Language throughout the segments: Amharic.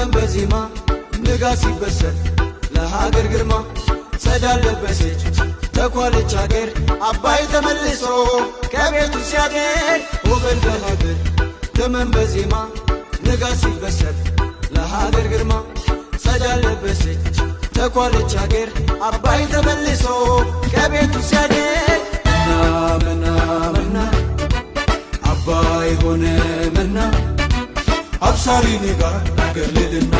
ዘመን በዜማ ንጋ ሲበሰል ለሀገር ግርማ ሰዳር ለበሰች ተኳለች ሀገር አባይ ተመልሶ ከቤቱ ሲያገር ወገን ለሀገር ዘመን በዜማ ንጋ ሲበሰል ለሀገር ግርማ ሰዳር ለበሰች ተኳለች ሀገር አባይ ተመልሶ አብሳሪ ኔጋ ገልልና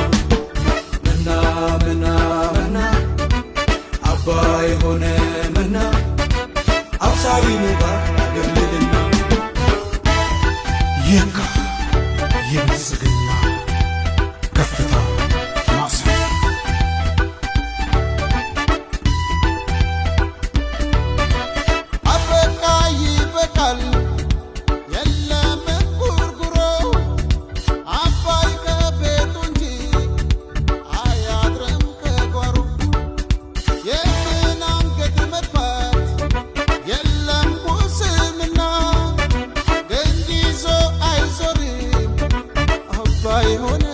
ይሆነ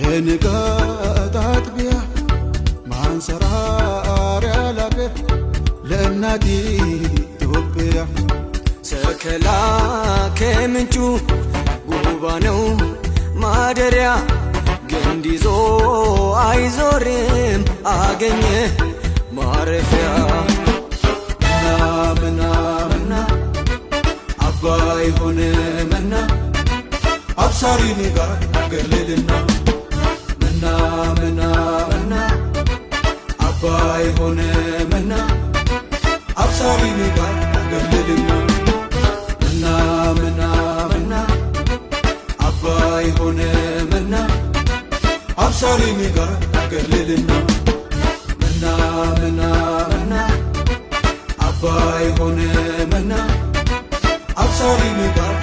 የንጋት አጥቢያ ማንሰራሪያ ላገ ለእናት ኢትዮጵያ ሰከላ ከምንጩ ጉባ ነው ማደሪያ ግንድ ይዞ አይዞርም አገኘ ማረፊያ ምናምና አባይ ሆነ መና አብሳሪ ጋር መና አብሳዊ ሚባል ገድልልና መና መና መና አባይ ሆነ መና መና መና መና ሆነ መና